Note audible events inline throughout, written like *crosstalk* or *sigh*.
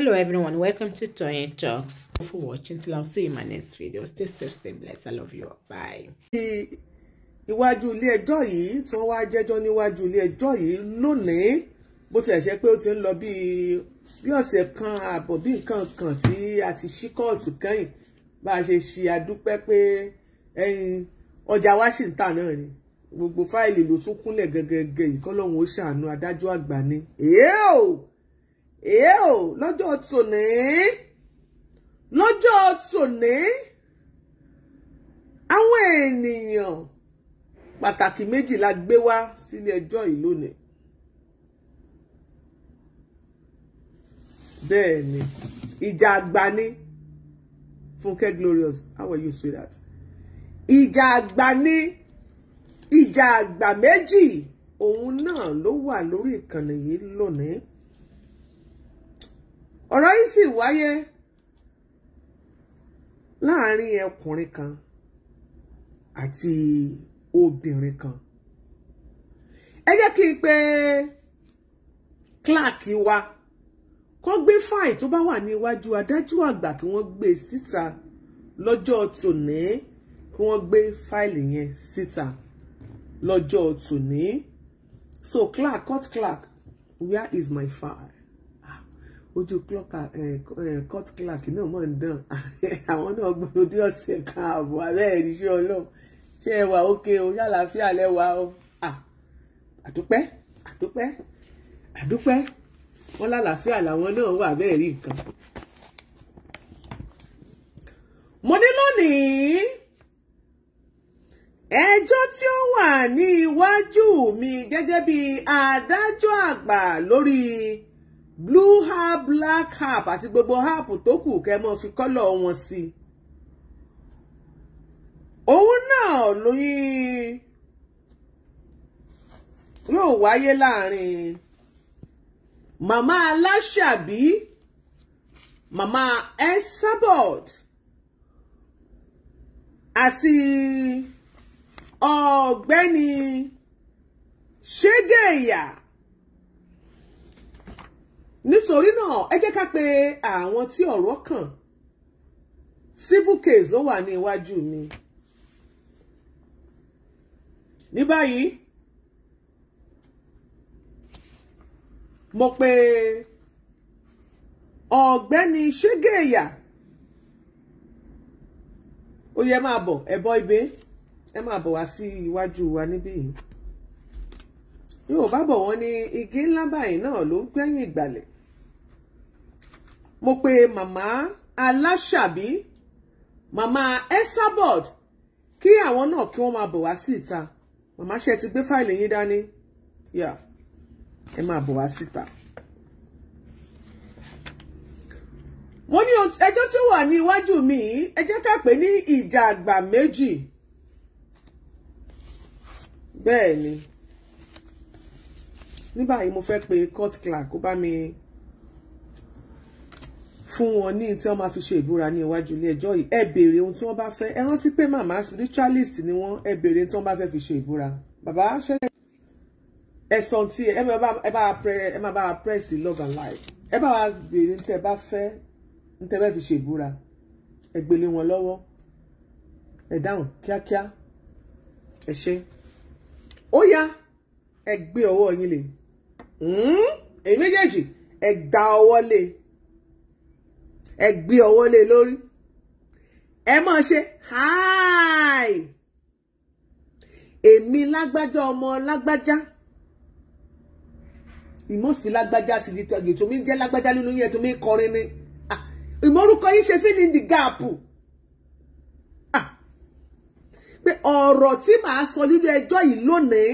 hello everyone welcome to Toyeen Talks Thank you for watching till I see you in my next video stay safe stay blessed i love you all. bye. iwájú ilé ẹjọ́ yìí tí wọ́n wáá jẹ́jọ́ níwájú ilé ẹjọ́ yìí lónìí bó tilẹ̀ ṣe pé ó ti ń lọ bíi bí ọ̀sẹ̀ kan ààbọ̀ bí nǹkan kan tí a ti ṣí kóòtù kẹ́yìn bá a ṣe ṣe àdúpẹ́ pé ọjà wa ṣì ń tà náà ni gbogbo fáìlì ló tún kúnlẹ̀ gẹ́gẹ́ gẹ́yìn kọ́lọ́hún ó ṣàánú adájọ́ àgbà ni èé o lọ́jọ́ tòní lọ́jọ́ tòní àwọn ènìyàn pàtàkì méjì la gbé wá sílé ẹjọ́ yìí lónìí. bẹ́ẹ̀ ni ìjà àgbà Funke Glorious how are you sweetheart ìjà àgbà ni ìjà àgbà méjì òun náà ló wà lórí ìkànnì yìí lónìí ọ̀rọ̀ yìí sì wáyé láàárín ọkùnrin kan àti obìnrin kan ẹ jẹ́ kí n pe clark wa kó gbé fáìn tó bá wà ní iwájú adájọ́ àgbà kí wọ́n gbé e síta lọ́jọ́ tòní kí wọ́n gbé fáìlì yẹn síta lọ́jọ́ tòní so clark cut clark where is my file ojú eh, eh, court clerk náà mọ̀ ń dán *laughs* àwọn náà gbọ́dọ̀ dé ọ̀sẹ̀ kan ààbọ̀ abẹ́ẹ̀rí iṣẹ́ ọlọ́run ṣé ẹ wà ókè o ṣàlàáfíà lẹ́wà o àdúpẹ́ àdúpẹ́ àdúpẹ́ wọn lálàáfíà làwọn náà wà bẹ́ẹ̀ rí nǹkan. mo ní lónìí ẹjọ́ tí ó wà ní iwájú mi gẹ́gẹ́ bí adájọ́ àgbà lórí blue hair, black herb àti gbogbo herb tó kù kẹ́ mọ́ fi kọ́lọ̀ wọn sí òun náà lóyún yóò wáyé láàrin màmá aláṣàbí màmá Esabod àti ọ̀gbẹ́ni ṣégeyà nítorí náà ẹ jẹ́ ká pe àwọn tí ọ̀rọ̀ kàn civil case ló wà ní iwájú mi ní báyìí mo pe ọ̀gbẹ́ni ṣégeyà ó yẹ máa bọ̀ ẹ ibẹ̀ ẹ máa bọ̀ wá sí iwájú wa níbí yìí. Yorùbá bọ̀ wọ́n ní igi ńlá báyìí náà ló ń gbẹ́yìn ìgbàlẹ̀ mo pe màmá aláṣàbí màmá esabod kí àwọn náà kí wọ́n máa bọ̀ wá sí ìta màmá ṣe ti gbé fáìlì yín dání yà ẹ máa bọ̀ wá síta. wọ́n ní ẹjọ́ tí ó wà ní iwájú mi ẹ ká pè ní ìjà àgbà méjì bẹ́ẹ̀ ni ní báyìí mo fẹ́ pe court clerk kó bá mi fún wọn ní tí wọ́n máa fi ṣe ìbúra ní iwájú ilé ẹjọ́ yìí ẹ béèrè ohun tí wọ́n bá fẹ́ ẹ rántí pé màmá spiritualist ni wọ́n ẹ béèrè tí wọ́n bá fẹ́ fi ṣe ìbúra bàbá ṣẹlẹ̀ ẹsàn tí ẹ máa bá press love and life ẹ bá wa béèrè ní tẹ́ bá fẹ́ ní tẹ́ bá fi ṣe ìbúra ẹ gbélé wọn lọ́wọ́ ẹ dáhùn kíákíá ẹ ṣe ó yá ẹ gbé ọwọ́ yín lè èyí hmm? méjèèjì ẹ gba ọwọ́ lé e. ẹ gbé ọwọ́ lé e lórí ẹ mọ̀ ṣe hi èmi lágbájá ọmọ lágbájá ìmọ̀sí lágbájá sí di tọ́jú tó mi jẹ́ lágbájá nínú yẹn tó mi kọrin ni ìmọ̀rúkọ yìí ṣe fi ní the gap pé ọ̀rọ̀ tí màá sọ nínú ẹjọ́ yìí lónìí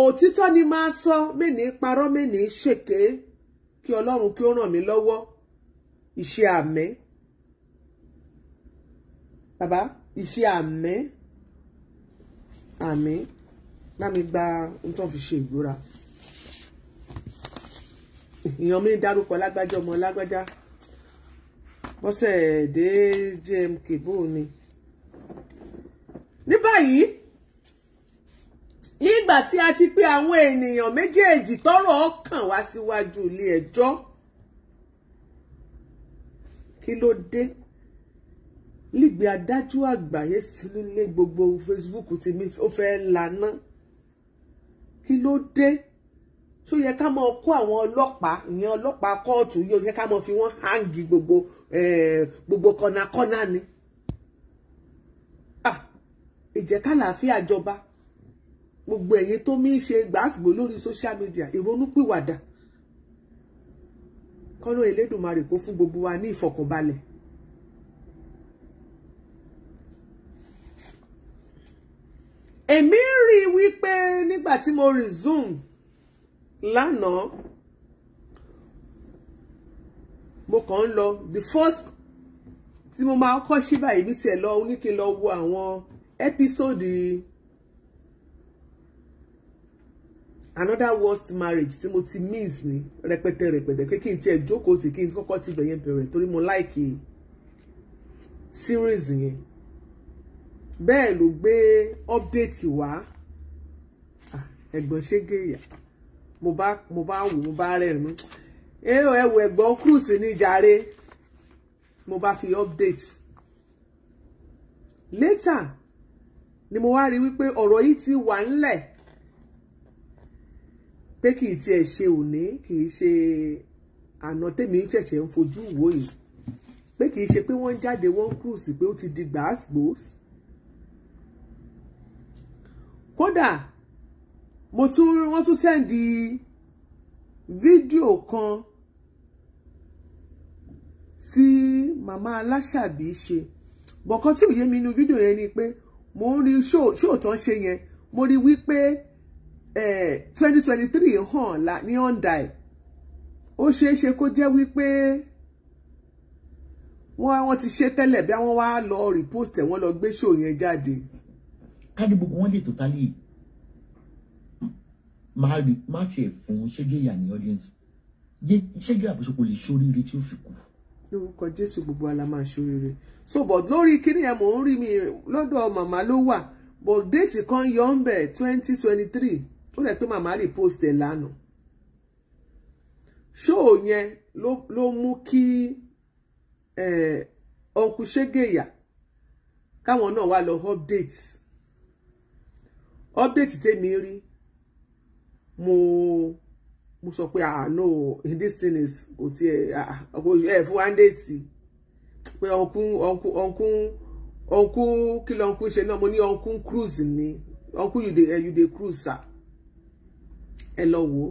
òtítọ́ ni máa sọ mẹ́ni parọ́ mẹ́ni ṣèké kí ọlọ́run kí ó ràn mí lọ́wọ́ ìṣe àmẹ́ bàbá ìṣe àmẹ́ àmẹ́ bá mi gba ohun tó fi ṣe ìbúra èèyàn mi dárúkọ lágbájá ọmọ lágbájá bọ́sẹ̀ dé jmk bóun ni ní báyìí nígbà tí a ti pe àwọn ènìyàn méjèèjì tọ́rọ̀ ọkàn wá síwájú ilé ẹjọ́ kí ló dé lígbe adájọ́ àgbáyé sínú ilé gbogbo Facebook tèmi ó fẹ́ lana kí ló dé tó yẹ ká máa kó àwọn ọlọ́pàá ìyẹn ọlọ́pàá kóòtù yóò yẹ ká máa fi wọ́n hangi gbogbo gbogbo kọ̀nàkọ́nà ni ah! ìjẹ́ká làáfíà jọba gbogbo ẹ̀yin tó mí ṣe gbàásìgbò lórí social media ìrònúpìwàdà kọ́nà Elédùmarè kó fún gbogbo wa ní ìfọ̀kànbalẹ̀. èmi rí i wípé nígbà tí mo resume lánàá mo kàn ń lọ the first tí mo máa kọ́ sí báyìí ní tiẹ̀ lọ oníkè lọ wo àwọn ẹ́písòdì. another worst marriage tí mo ti miss ní rẹpẹtẹ rẹpẹtẹ pé kí n tiẹ̀ jókòó tì kí n kọ́kọ́ ti bẹ̀yẹn bẹ̀rẹ̀ torí mo láìkì series yẹn bẹ́ẹ̀ ló gbé update wá ẹ̀gbọ́n ṣégé ìyá mo bá mo bá wò mo bá rẹ́rìn-ín ẹ̀rọ ẹ̀wọ̀ ẹ̀gbọ́n cruise ní jàre mo bá fi update later ni mo wá rí wípé ọ̀rọ̀ yìí ti wà ńlẹ̀ pé kì í tiẹ̀ ṣe òní kì í ṣe àná tèmi ṣẹ̀ṣẹ̀ ń fojú wò yìí pé kì í ṣe pé wọ́n ń jáde wọ́n ń cruise pé ó ti di gbàásgbòs. kódà mo tún wọ́n tún sẹ́ndì fídíò kan tí màmá aláṣàbí ṣe bọ̀kan tí òye mi inú fídíò yẹn ni pé mo ń rí ṣóòtán ṣe yẹn mo rí wípé 2023, eh, twenty three hàn la ní ọ̀ǹda ẹ̀ ó ṣeé ṣe kó jẹ́ wípé wọ́n wọ́n ti ṣe tẹ́lẹ̀ bí wọ́n wá lọ repost ẹ̀ wọ́n lọ gbé show yẹn jáde. káàdì gbogbo wọn lè tó tálí máa rí má tiẹ̀ fún ṣégeyà ní audience ṣégeyà bó ṣe kò lè ṣoríire tí ó fi kú. lórúkọ jésù gbogbo ala máa ṣoríire so but lórí kíní ẹ mò ń rí mi lọ́dọ̀ màmá ló wà but déètì kan yọ ń bẹ̀ twenty ó rẹ̀ pé màmá rí post ẹ̀ lánàá ṣóò yẹn ló mú kí ọkùn ṣégeyà káwọn náà wá lọ update update tèmi rí mo mo sọ pé ah no this thing is kò tí ẹ ah, ẹ fún wa ń déètì pé ọkùn ọkùn ọkùn ọkùn kí lọ ọkùn ṣe náà mo ní ọkùn cruise ni ọkùn you dey cruise sir ẹ lọ wò ó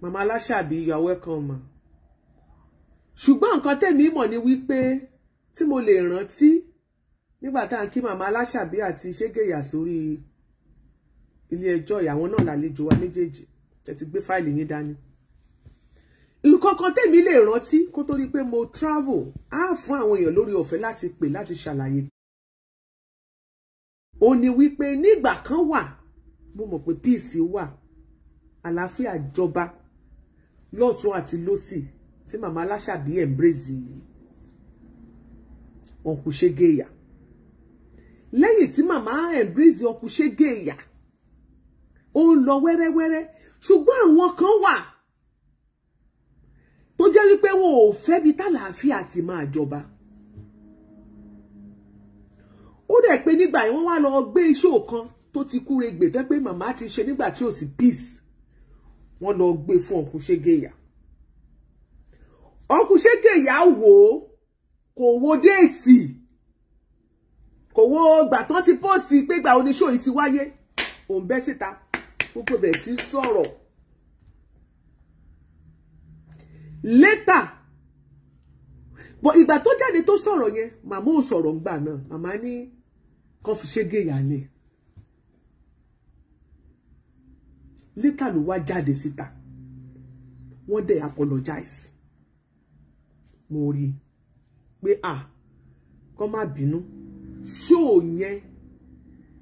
màmá aláṣàbí you are welcome ma ṣùgbọ́n nǹkan tẹ̀mí mọ̀ ni wípé tí mo lè rántí nígbà tá à ń kí màmá aláṣàbí àti ṣégeyà sórí ilé ẹjọ́ ìyàwó náà lálejò wa méjèèjì ẹ ti gbé fáìlì yín dání nǹkan kan tẹ̀mí lè rántí kó tó rí pé mo travel á fún àwọn èèyàn lórí ọ̀fẹ́ láti pè láti ṣàlàyé ó ní wípé nígbà kan wa, mo mọ̀ pé peace wà àlàáfíà jọba lọ́tún àti lósì tí màmá aláṣàbí embrace yìí ọkù ṣégeyà lẹ́yìn tí màmá embrace ọkù ṣégeyà ó ń lọ wẹ́rẹ́wẹ́rẹ́ ṣùgbọ́n àwọn kan wà tó jẹ́ wípé wọn ò fẹ́bi tálàáfíà ti máa jọba ó dẹ̀ pé nígbà yẹn wọ́n wá lọ gbé iṣẹ́ kan tó ti kúre gbè tẹ́ pé màmá ti ṣe nígbà tí ò sí peace wọ́n lọ gbé fún ọkùn ṣégeyà ọkùn ṣégeyà wò ó kò wo déètì kò wo gbà tán ti pọ́ọ̀sì pé gbà oníṣòyí ti wáyé òun bẹ́ síta gbogbo bẹ̀rẹ̀ sí sọ̀rọ̀ later but ìgbà tó jáde tó sọ̀rọ̀ yẹn màmá ò sọ̀rọ̀ ńgbà náà màmá ní kán fi ṣégé ìyáálé létà ló wá jáde síta wọ́n dẹ̀ apologize mo rí i pé à kán má bínú ṣóò yẹn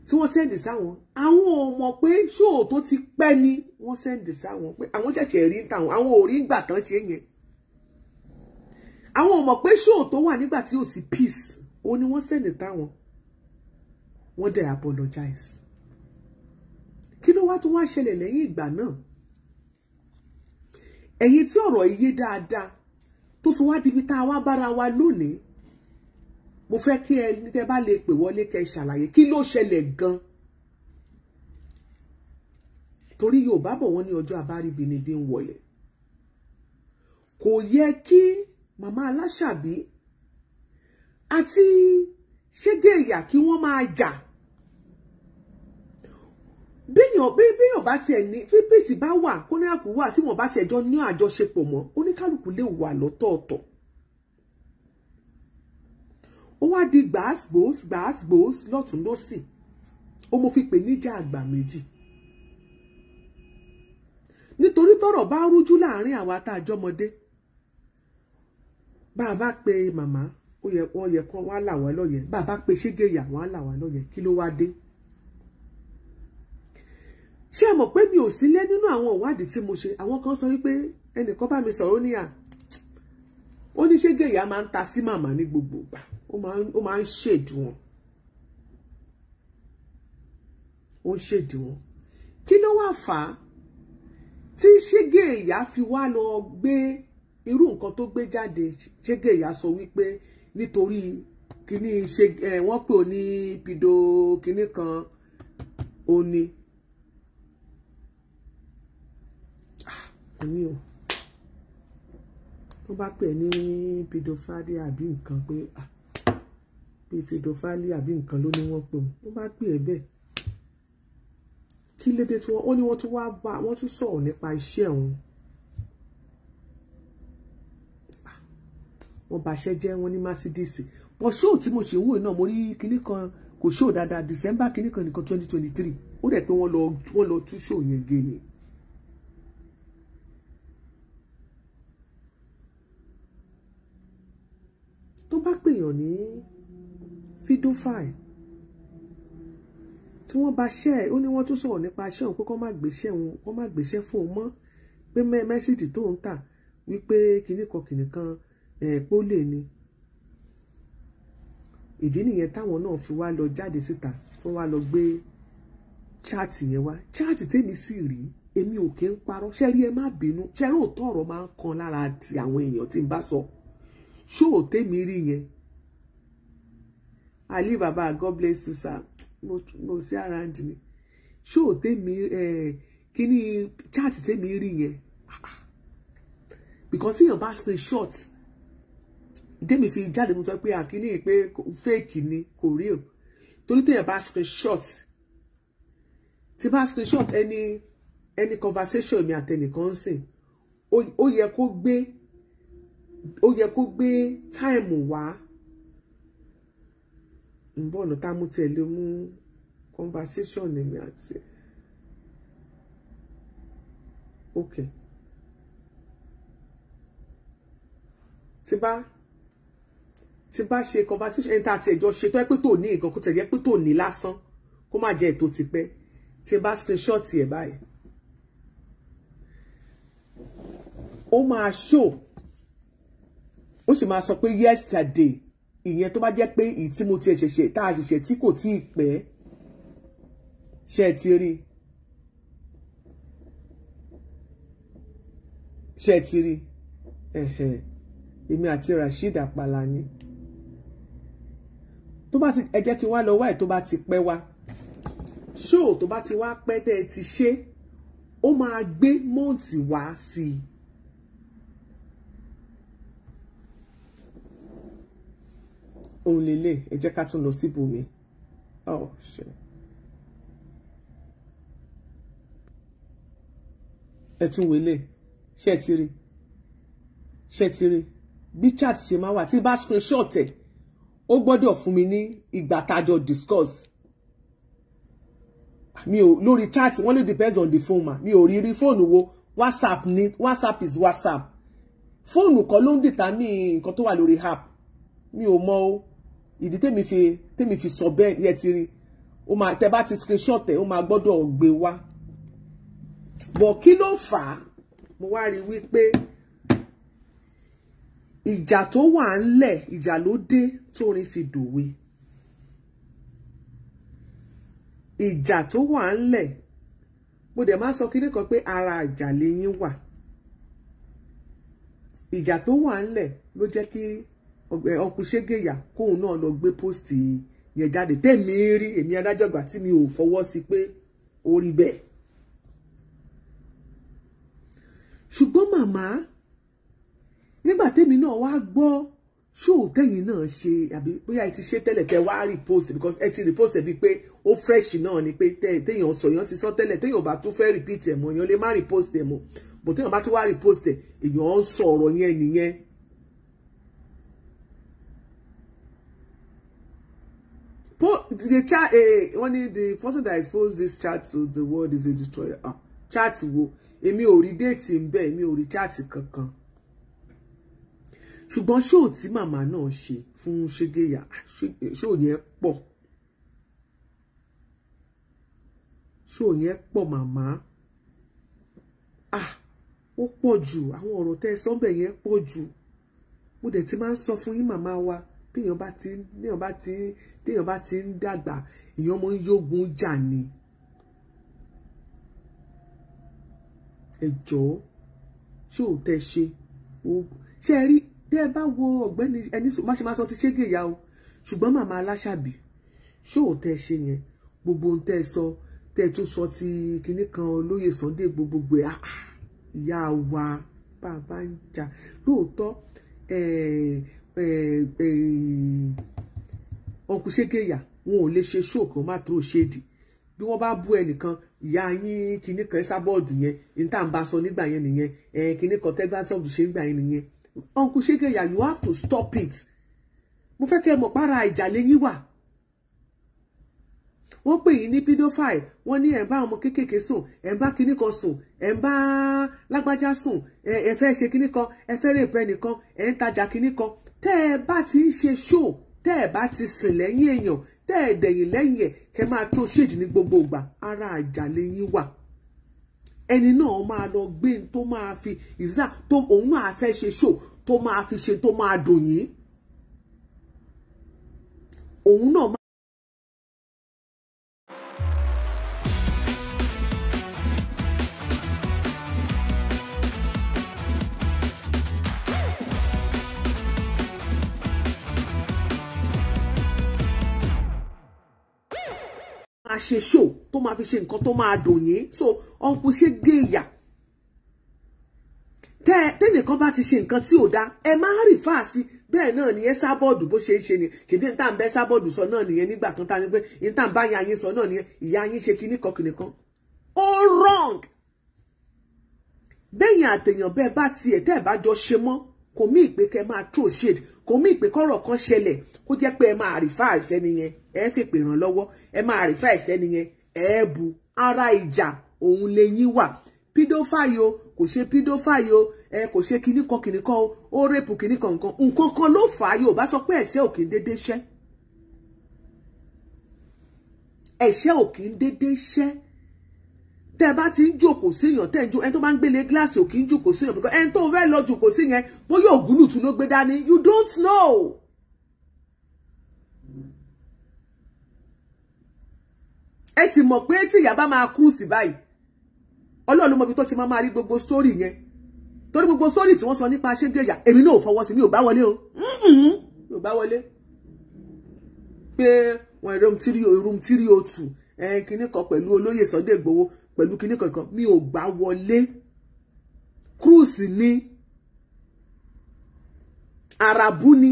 tí wọ́n sẹ́ndì sáwọn àwọn ò mọ̀ pé ṣóò tó ti pẹ́ ni wọ́n sẹ́ndì sáwọn pé àwọn ṣẹ̀ṣẹ̀ rí tàwọn àwọn ò rí ìgbà tán ṣe yẹn àwọn ò mọ̀ pé ṣóò tó wà nígbà tí ò sí peace òun ni wọ́n sẹ́ndì táwọn wọ́n dẹ̀ apologize kí ló wá tún wá ṣẹlẹ̀ lẹ́yìn ìgbà náà ẹ̀yin tí ọ̀rọ̀ yé dáadáa tó fi wá dibi tá a wá bára wa lónìí mo fẹ́ kí ẹ ní tẹ́ bá lè pè wọlé kẹ́ ṣàlàyé kí ló ṣẹlẹ̀ gan-an torí Yorùbá bọ̀ wọ́n ní ọjọ́ abáríbi ni bí ń wọlé kò yẹ kí màmá aláṣàbí àti ṣégeyà kí wọ́n máa jà béèyàn béèyàn bá tiẹ̀ ní pèsè bá wà kó ní àpò wà tí wọ́n bá tiẹ̀ jọ ní àjọṣepọ̀ mọ́ oníkálukú lè wà lọ́tọ̀ọ̀tọ̀ ó wá di gbàásgbòós gbàásgbòós lọ́tún lọ́sì ó mo fi pè níjà àgbà méjì nítorí tọ́rọ̀ bá rújú láàrin àwa tá a jọmọdé bá a bá pe màmá ó yẹ kó wá là wá lóye bá a bá pe ṣégeyà wá là wá kí ló wá dé ṣé ẹ mọ̀ pé mi ò sílé nínú àwọn ìwádìí tí mo ṣe àwọn kan sọ wípé ẹnìkan bá mi sọ̀rọ̀ ní à ó ní ṣé gèyà máa ń ta sí màmá ní gbogbo ìgbà ó máa ń ṣèdí wọn ó ń ṣèdí wọn kí ló wá fà á tí ṣégé ìyá fi wá lọ gbé irú nǹkan tó gbé jáde ṣégé ìyá sọ wípé nítorí kíní ṣe wọn pè ó ní pido kíní kan ó kínní o tó bá pè ní pedofali àbí nǹkan pé pé pedofali àbí nǹkan ló ní wọ́n pè wọ́n tó bá pè é bẹ́ẹ̀ kí lédè tí wọ́n ó ní wọ́n tún wá bá wọ́n tún sọ̀rọ̀ nípa iṣẹ́ òun wọ́n bàṣẹ́ jẹ́ wọ́n ní Mercedes wọ́n ṣóò tí mo ṣe wò náà mo rí kinní kan kò ṣóò dáadáa December kinní kan nìkan twenty twenty three ó dẹ̀ pé wọ́n lọ wọ́n lọ tún ṣóò yẹn gé ni èèyàn ní fídófàì tí wọ́n bá ṣẹ́ ẹ̀ ó ní wọ́n tún sọ̀rọ̀ nípa ṣẹ́ òun pé kọ́ má gbéṣẹ́ òun kọ́ má gbéṣẹ́ fún òun mọ́ pé mẹ́sìtì tó ń tà wípé kinní kan kinní kan ẹ̀ẹ́pọ̀ lè ní ìdí nìyẹn táwọn náà fi wá lọ jáde síta fún wá lọ gbé chaati yẹn wá chaati tèmi sì rí èmi ò kí ń parọ́ ṣẹ́rí ẹ má bínú ṣẹ́rí òótọ́ ọ̀rọ̀ máa ń kan lára ti àwọn èèyàn tí ń bá sọ ṣóò rí yẹn ali baba god bless you sir mo sí around me. mi ṣó o eh. Kini chat tèmi rí yẹn because èèyàn bá screenshot dèmi fi jáde mo sọ pé Kini pé fake kini kò real. o torí your bá screenshot tí bá screenshot any any conversation me mi àtẹnìkan ń Oh, oh, yẹ could be, oh, yẹ could be time wá ń bọ̀ ọ̀nà tá a mú tiẹ̀ lè mú conversation èmi àti ẹ̀ ok tí bá tí bá ṣe conversation ẹni tá a ti ẹ̀jọ́ ṣe tó ẹ pé tó ní nǹkan kó tẹ̀ jẹ́ pé tó ní lásán kó má jẹ́ ètò tipẹ́ tí bá screenshot ẹ̀ báyìí ó máa show ó sì máa sọ pé yesterday ìyẹn tó bá jẹ́ pé èyí tí mo ti ṣẹ̀ṣẹ̀ tá a ṣẹ̀ṣẹ̀ tí kò tí ì pẹ́ ṣe ti rí ṣe ti rí èmi àti Rasheed Àpàlà ni tó bá ti ẹ jẹ́ kí n wá lọ wá ẹ̀ tó bá ti pẹ́ wá ṣóò tó bá ti wá pẹ́ tẹ́ ẹ ti ṣe ó máa gbé mọ́ǹtì wá sí i. òun lélẹ̀ ẹ jẹ́ ká tún lọ síbòmí oh shit ẹ tún wọlé ṣe ti rí ṣe ti rí bí chat ṣe máa wà tí bá screenshot ẹ ó gbọ́dọ̀ fún mi ní ìgbà tájọ discuss mi ò lórí chat wọ́n lè depend on the phone ma mi ò rí rí fóònù wo whatsapp ni whatsapp is whatsapp fóònù kan ló ń dìtà ní nǹkan tó wà lórí app mi ò mọ o ìdí tèmi fi tèmi fi sọ bẹ́ẹ̀ yẹ ti rí ó máa tẹ bá ti screenshot ẹ̀ ó máa gbọ́dọ̀ gbé wá bọ̀ kí ló fà á mo wá rí wípé ìjà tó wà ńlẹ̀ ìjà ló dé tórin fi dòwe ìjà tó wà ńlẹ̀ mo dẹ̀ máa sọ kinní kan pé ara ìjà lẹ́yìn wà ìjà tó wà ńlẹ̀ ló jẹ́ kí ọkùn ṣégeyà kóun náà lọ gbé post yẹn jáde tèmi rí èmi adájọ́gbà tí mi ò fọwọ́ sí pé ó rí bẹ́ẹ̀ ṣùgbọ́n màmá nígbà tèmi náà wá gbọ́ ṣóò tẹ̀yìn náà ṣe àbí bóyá ẹ ti ṣe tẹ́lẹ̀ tẹ́ wá post because ẹ ti repost ẹ̀ bíi pé ó fresh náà ni pé téèyàn sọ èèyàn ti sọ tẹ́lẹ̀ téèyàn bá tún fẹ́ repeat ẹ̀ mọ́ èèyàn lè má repost ẹ̀ mọ́ bò téèyàn bá tún wá repost ẹ̀ èèyàn ń sọ ọ̀rọ̀ yẹn nìyẹn po the chat eh wọ́n ní the person that exposed this chat to the world is a destroyer ah chat wo èmi ò rí déètì ń bẹ èmi ò rí chat kankan ṣùgbọ́n ṣóò tí màmá náà ṣe fún ṣégeyà ah, ṣóò yẹn pọ̀ ṣóò yẹn pọ̀ màmá ah o poju. jù àwọn ọ̀rọ̀ tẹ́ ẹ sọ́ńbẹ̀ yẹn pọ̀ jù mo dẹ̀ ti máa ń sọ fún yín wa téèyàn bá ti téèyàn bá ti téèyàn bá ti ń dàgbà èèyàn mọ ń yógun jà ni. ẹ jọ̀ọ́ ṣé ò tẹ́ ṣe ṣé ẹ rí tẹ́ ẹ bá wo ọ̀gbẹ́ni ẹni má ṣe máa sọ ti ṣégè ya o ṣùgbọ́n màmá aláṣàbí ṣé ò tẹ́ ṣe yẹn gbogbo ohun tẹ́ ẹ sọ tẹ́ ẹ tún sọ ti kinní kan olóyè Sunday gbogbogbò ẹ̀ ah, ìyá wa bàbá ń jà lóòótọ́ ẹ̀ẹ́ ọkùn eh, eh, eh, ṣékèyà wọn ò lè ṣe ṣóò kí wọn má tó ṣéèdì bí wọn bá bú ẹnìkan ìyá yín kinní kan sábọọdù yẹn ní tá à ń bá sọ nígbà yẹn nìyẹn kinní kan tẹgbàtọọdù ṣe nígbà yẹn nìyẹn ọkùn ṣékèyà you have to stop it mo fẹ́ kẹ́ mọ̀ para ìjà lẹ́yìn wà wọ́n pè yín ní pedophile wọ́n ní ẹ̀ ń bá ọmọ kéékèèké sùn ẹ̀ ń bá kinní kan sùn ẹ̀ ń bá lágbájá sùn ẹ̀ fẹ́ ṣe kinní kan ẹ̀ fẹ́ rèpẹ́ nìkan ẹ̀ ń tajà kinní kan tẹ́ ẹ bá ti ń ṣe ṣó tẹ́ ẹ bá ti sìn lẹ́yìn èèyàn tẹ́ ẹ dẹ̀yìn lẹ́yìn ẹ̀ kẹ́ máa tó ṣèjì ní gbogbo ìgbà ara àjàlẹ̀ yín wà ẹni náà máa lọ gbé tó máa fi ìzá tó òun máa fẹ́ ṣe ṣó tó máa fi ṣe tó máa dùn yín òun náà máa ṣe ṣó tó máa fi ṣe nǹkan tó máa dùn yín so ọ̀nkù ṣe gé ìyà tẹ́nìkan bá ti ṣe nǹkan tí ò dá ẹ máa rì fáàsì bẹ́ẹ̀ náà nìyẹn sábọ́ọ̀dù bó ṣe ń ṣe nìyẹn ṣèdí níta ń bẹ sábọ́ọ̀dù sọ náà nìyẹn nígbà kan tá a ní pé níta ń bá ya yín sọ náà nìyẹn ìyá yín ṣe kinní kan kìnì kan ó wrong bẹ́yìn àtẹ̀yàn bẹ́ẹ̀ bá tiẹ̀ tẹ́ ẹ̀ bá jọ ṣe mọ́ kò mí ìpè kẹ́ máa throw shade kò mí ìpè kọ́rọ̀ kan ṣẹlẹ̀ kó jẹ́ pé ẹ máa rìfà ìsẹ́ni yẹn ẹ fèpè ràn lọ́wọ́ ẹ máa rìfà ìsẹ́ni yẹn ẹ bu ara ìjà òun lẹ́yìn wà pídófáyò kò ṣe pídófáyò ẹ kò ṣe kinní kan kinní kan ó rèpù kinní kan nǹkan nǹkan kan ló fà á yóò bá sọ pé ẹ̀ṣẹ̀ ò kì í dédé ṣẹ́ ẹ̀ṣẹ̀ ò kì í dédé ṣẹ́ tẹ́ bá ti ń jókòó síyàn tẹ́ ń jó ẹni tó bá ń gbélé gíláàsì ò kì í jókòó síyàn ẹni tó fẹ́ lọ jókòó sí bóyá ògúlùtù ló gbé dání you don't know. ẹ sì mọ̀ pé tí ìyá bá máa kú sí báyìí ọlọ́run ló mọ ibi tó ti máa máa rí gbogbo sórí yẹn torí gbogbo sórí tí wọ́n sọ nípa ṣégeyà èmi náà ò fọwọ́ mi ò bá wọlé o mm-hmm. mi ò bá wọlé pé wọn room tiri o room tiri o oh two kinní kan pẹ̀lú olóyè Sunday Igboho pẹ̀lú kinní kankan mi o gbá wọlé cruise ni àràbù ni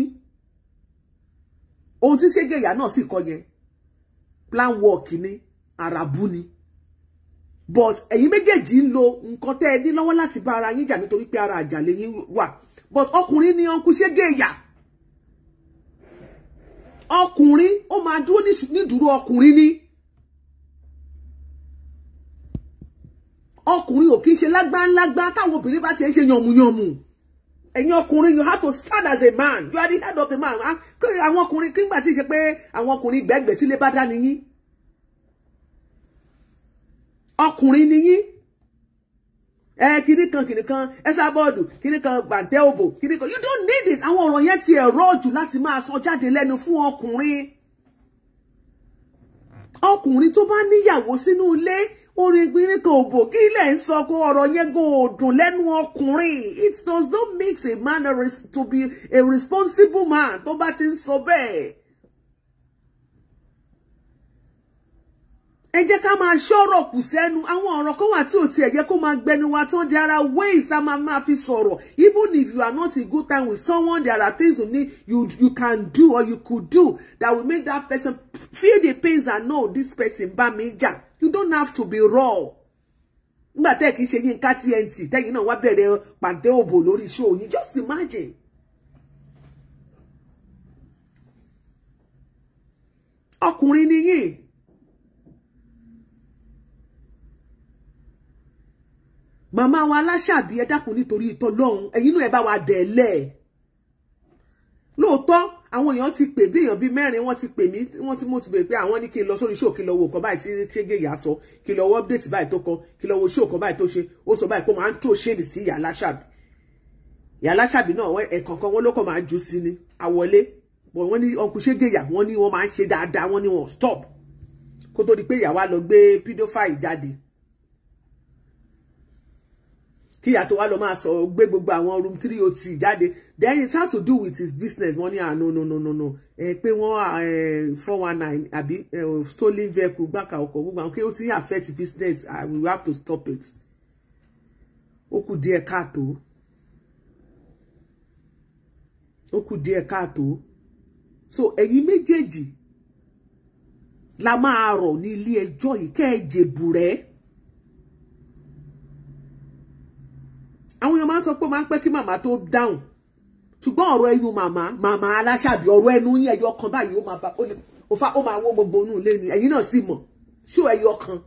ohun tí ṣégeyà náà sì kọ yẹn plan work ni àràbù ni but ẹ̀yin méjèèjì ń lo nǹkan tẹ́ ẹ ní lọ́wọ́ láti bá ara yín jà nítorí pé ara àjàlè yín wà but ọkùnrin ni ọkùn ṣége ìyà ọkùnrin ó máa dúró nídúró ọkùnrin ni ọkùnrin ò kí ń ṣe lágbáńlágbá táwọn obìnrin bá ti ń ṣe yànmùyànmù ẹ̀yin ọkùnrin you have to stand as a man you are the head of the man ah, àwọn ọkùnrin kí n gbà tí ì ṣe pé àwọn ọkùnrin gbẹ̀gbẹ̀ tí lè bá dá nìyí ọkùnrin ni yín ẹ kìíní kan kìíní kan ẹsàbọọdù kìíní kan gbàǹtẹ òbò kìíní kan you don't need it àwọn ọ̀rọ̀ yẹn ti ẹ̀rọ jù láti máa sọ jáde lẹ́nu fún ọkùnrin ọkùnrin tó bá níyàwó sínú ilé orin kìíní kan òbò kí ilẹ̀ ń sọ pé ọ̀rọ̀ yẹn gan lẹ́nu ọkùnrin it does not make a man a to be a responsible man tó bá ti ń sọ bẹ́ẹ̀. ẹ jẹ́ ká máa ṣọ́rọ̀ kù sẹ́nu àwọn ọ̀rọ̀ kan wà tí ò tiẹ̀ yẹ kó máa gbẹnu wa tán jẹ́ ara ways a máa máa fi sọ̀rọ̀ even if you are not a good time with someone there are things you need you you can do or you could do that will make that person feel the pains and know this person bá mi jà you don't have to be raw nígbà tẹ́ kì í ṣe Yínká TNT tẹ́yìn náà wá bẹ̀rẹ̀ pàdé òbò lórí show yín just imagine. ọkùnrin ni yín Mama, wa aláṣàbí ẹ dákun nítorí ìtọ́lọ́hún ẹ̀yin náà ẹ bá wa dẹ̀ẹ́lẹ̀ lóòótọ́ àwọn èèyàn ti pè bí èèyàn bíi mẹ́rin wọ́n ti pè mí wọ́n ti mo ti bèrè pé àwọn ní kí n lọ sórí ṣóò kí n lọ wo nǹkan báyìí tí ṣége ìyá sọ kí n lọ wo update báyìí tó kọ kí n lọ wo ṣóò kan báyìí tó ṣe ó sọ báyìí pé màá ń tó ṣèlì sí ìyá aláṣàbí ìyá aláṣàbí náà ẹ̀ẹ̀kan kan wọ́n ló kọ̀ máa jù sí ni àwọlé wọ́n ní ọkùn ṣége ìyá wọ́n ní wọ́n máa ń ṣe dáadáa wọ́n ní wọ́n stop kó tó di pé ìyá wa lọ gbé pedophile jáde kí ìyá tó wá lọ máa sọ gbé gbogbo àwọn room three o ti jáde then it has to do with his business money. ah no no no no no ẹ pé wọ́n eh, four one nine àbí eh, oh, stolen vehicle gbàkà ọkọ̀ gbogbo Okay, kí ó ti affect business and ah, we have to stop it Oku die díẹ̀ káàtó ó kù díẹ̀ káàtó so ẹ̀yin méjèèjì la máa rọ̀ ní ilé ẹjọ́ yìí kẹ́ ẹ jèbù àwọn èèyàn máa ń sọ pé ó máa ń pẹ́ kí màmá tó dáhùn ṣùgbọ́n ọ̀rọ̀ ẹnu màmá màmá aláṣàbí ọ̀rọ̀ ẹnu yín ẹyọ kan báyìí ó máa bá òfa ó máa wó gbogbo inú ilé ni ẹ̀yin náà sì mọ̀ ṣó ẹyọ kan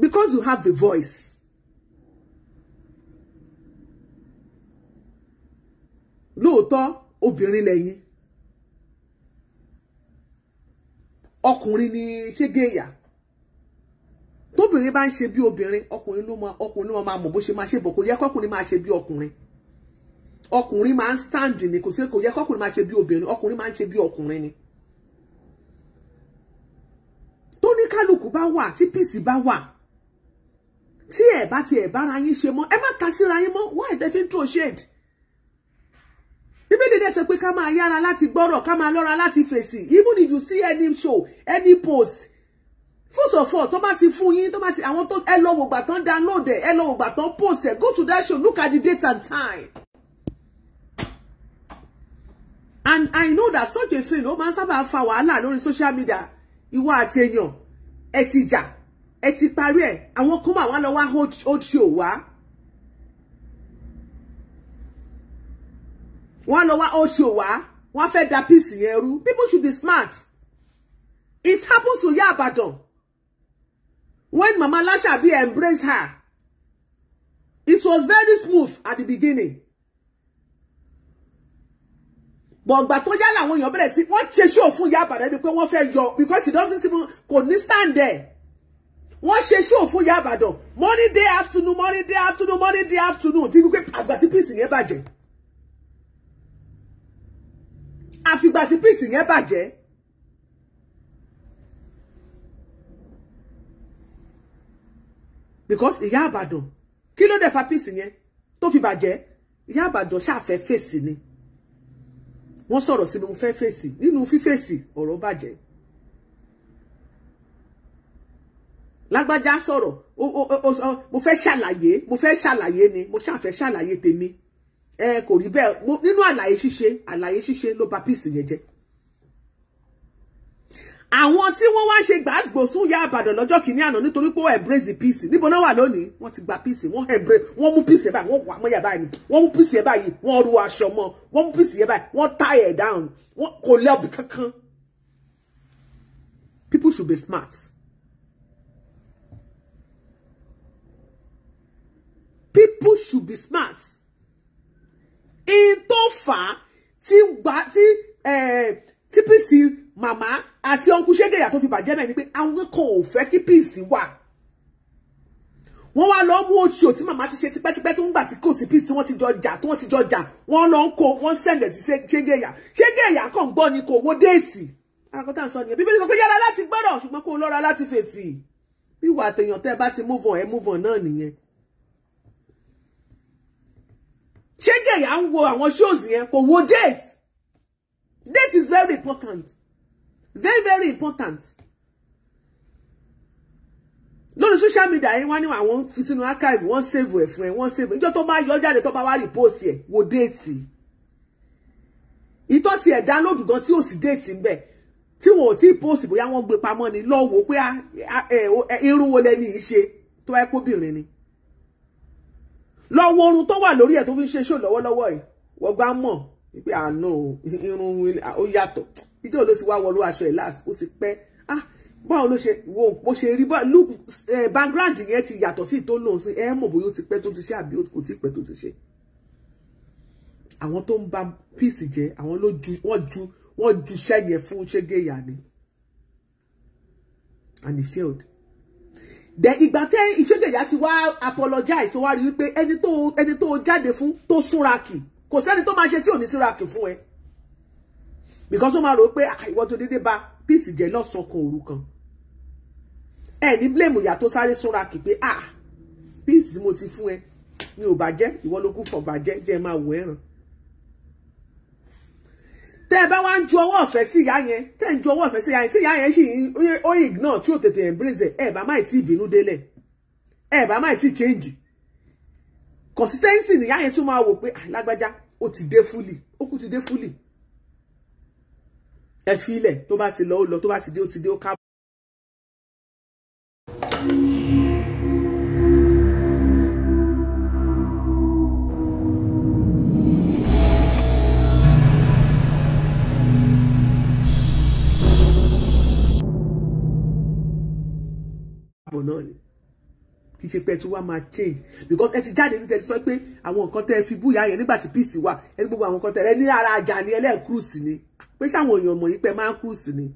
because you have the voice. lóòótọ́ obìnrin lẹ́yìn ọkùnrin ni ṣégeyà tóbìnrin bá ń ṣe bí obìnrin ọkùnrin ló máa ọkùnrin ló máa mọ̀ bó ṣe máa ṣe bọ̀ kò yẹ kọ́kùnrin máa ṣe bí ọkùnrin ọkùnrin máa ń stand ni kò sí kò yẹ kọ́kùnrin máa ṣe bí obìnrin ọkùnrin máa ń ṣe bí ọkùnrin ni. tó ní kálukú bá wà tí píìsì bá wà tí ẹ bá ti ẹ bára yín ṣe mọ́ ẹ má ta síra yín mọ́ why dey fi throw shade. bíbélì dẹ̀ sọ pé ká máa yára láti gbọ́rọ̀ ká máa lọ́ra láti fèsì even if you see any show any post first of all tó bá ti fún yín tó bá ti àwọn tó ẹ lọ wò tán download ẹ ẹ lọ wò tán post ẹ go to that show look at the date and time and i know that such a thing ó máa ń sábà fa wàhálà lórí social media ìwọ àti èèyàn ẹ ti jà ẹ ti parí ẹ àwọn kan máa wá lọ wá hold show wá. wọ́n lọ wá hold show wá wọ́n fẹ́ da peace yẹn rú people should be smart it happens to Ìyá Ìbàdàn When Mama Lasha Lashabi embraced her, it was very smooth at the beginning. But but tó yá làwọn èèyàn bẹ̀rẹ̀ sí wọ́n ṣe show fún Ìyá Ìbàdàn ni pé wọ́n fẹ́ yọ because she doesn't even kò stand there. Wọ́n ṣe show fún Ìyá Ìbàdàn morning day afternoon morning day afternoon morning day afternoon tí wípé àgbà tí peace yẹn bàjẹ́. Àfìgbà tí peace yẹn bàjẹ́. because ìyá àbàdàn kí ló dẹ̀ fa peace yẹn tó fi bàjẹ́ ìyá àbàdàn ṣàfẹ́ fèsì ni wọ́n sọ̀rọ̀ sí mi mo face fèsì nínú fífèsì ọ̀rọ̀ bàjẹ́ lágbájá sọ̀rọ̀ mo fẹ́ ṣàlàyé mo fẹ́ ṣàlàyé ni mo ṣàfẹ́ ṣàlàyé tèmi ẹ kò rí bẹ́ẹ̀ nínú àlàyé ṣíṣe àlàyé ṣíṣe ló bà peace yẹn jẹ́ àwọn tí wọ́n wá ṣe gbàgbò sún ya àbàdàn lọ́jọ́ kìíní àná nítorí pé wọ́n embrace peace níbo náà wà lónìí wọ́n ti gba peace wọ́n embrace wọ́n mú peace ẹ̀ báyìí wọ́n wà mọ́yà báyìí wọ́n mú peace ẹ̀ báyìí wọ́n ru aṣọ mọ́ wọ́n mú peace ẹ̀ báyìí wọ́n tie it down wọ́n kò lẹ́ọ̀bì kankan. people should be smart. people should be smart. in tó fà á tí gbà tí. Eh, tí mama, màmá àti ọkùn ṣégeyà tó fi bàjẹ́ mẹ́rin pé àwọn kan ò fẹ́ kí píìsì wà wọ́n wá lọ mú oṣù tí màmá ti ṣe tipẹ́tipẹ́ tó ń gbà tí kò sí píìsì wọ́n ti jọ jà tí wọ́n ti jọ jà wọ́n lọ ń kó wọ́n sẹ̀ǹdẹ̀ sí ṣégeyà ṣégeyà kàn gbọ́ ni kò wó déètì àkọ́tà sọ nìyẹn bíbélì sọ pé yára láti gbọ́rọ̀ ṣùgbọ́n kó lọ́ra láti fèsì bí ìwà àtẹ̀yàn tẹ́ bá ti move on ẹ move on náà nìyẹn ṣégeyà ń wo àwọn ṣóòzì yẹn kò wo déètì That is very important. Very, very important. Lórí social media yẹn want to see fi archive wọ́n save ẹ̀ fún ẹ wọ́n save ẹ̀. Ìjọ́ tó bá you talk about what wá repost here, what déètì. Ìtọ́ thought ẹ̀ download gan tí ò sí déètì ń bẹ̀. Tí wọn ò tí post bóyá wọ́n gbé pamọ́ ni lọ wò pé irun wo lẹni yìí ṣe tó wáyé kóbìnrin ni. Lọ wo orun tó wà lórí ẹ̀ tó fi ń ṣe ṣò lọ́wọ́lọ́wọ́ yìí. Wọ́n gbá mọ̀ pé àná ah, o irun ah, ó yàtọ̀ ìjọ ló ti wá wọlú aṣọ ẹ̀ láàfin ó ti pẹ́ ah báwo ló ṣe wo bó ṣe rí look eh, background yẹn ti yàtọ̀ sí tó lòun sí ẹ mọ̀ bóyá ó ti pẹ́ tó ti ṣe àbí kò tí pẹ́ tó ti ṣe àwọn tó ń ba peace jẹ àwọn ló ju wọ́n ju wọ́n ju iṣẹ́ yẹn fún ṣégeya ni and he failed dẹ ìgbà tẹ ìṣégeya ti wá apologize tó wá rí wípé ẹni tó ẹni tó jáde fún tó súnra kì kò sẹ́ni tó máa ṣe tí ò ní síraki fún ẹ because ó máa rò pé ah, ìwọ tó dédé ba peace jẹ́ lọ́sàn kan òru kan ẹ ní blame ìyá tó sáré súnrakì pé ah peace mo ti fún ẹ ni ò bàjẹ́ ìwọ ló kún fọ̀ bàjẹ́ jẹ́ máa wò ẹ̀ràn tẹ́ ẹ bá wá ń ju ọwọ́ ọ̀fẹ́ sí ìyá yẹn tẹ́ ẹ ń ju ọwọ́ ọ̀fẹ́ sí ìyá yẹn tí ìyá yẹn sì ó ignore tí ò tètè embrace ẹ̀ ẹ̀ bá má ì tí ìbínú délẹ̀ ẹ̀ bá má ì tí change consistency nìyá yẹn tún máa wò pé ah, lágbájá ó ti dé fúlì ó kú ti dé fúlì ẹ fi ilẹ̀ tó bá ti lọ ó lọ tó ti dé ó ti dé ó ká kì í ṣe máa change because ẹ ti jáde ní tẹ́tí sọ pé àwọn nǹkan tẹ́ ẹ fi búyà yẹn nígbà tí peace wà ẹ ní gbogbo àwọn nǹkan tẹ́ ẹ ní ara àjà ni ẹlẹ́ẹ̀ cruise ni pé sáwọn èèyàn mọ̀ yìí pé ẹ máa ń cruise ni.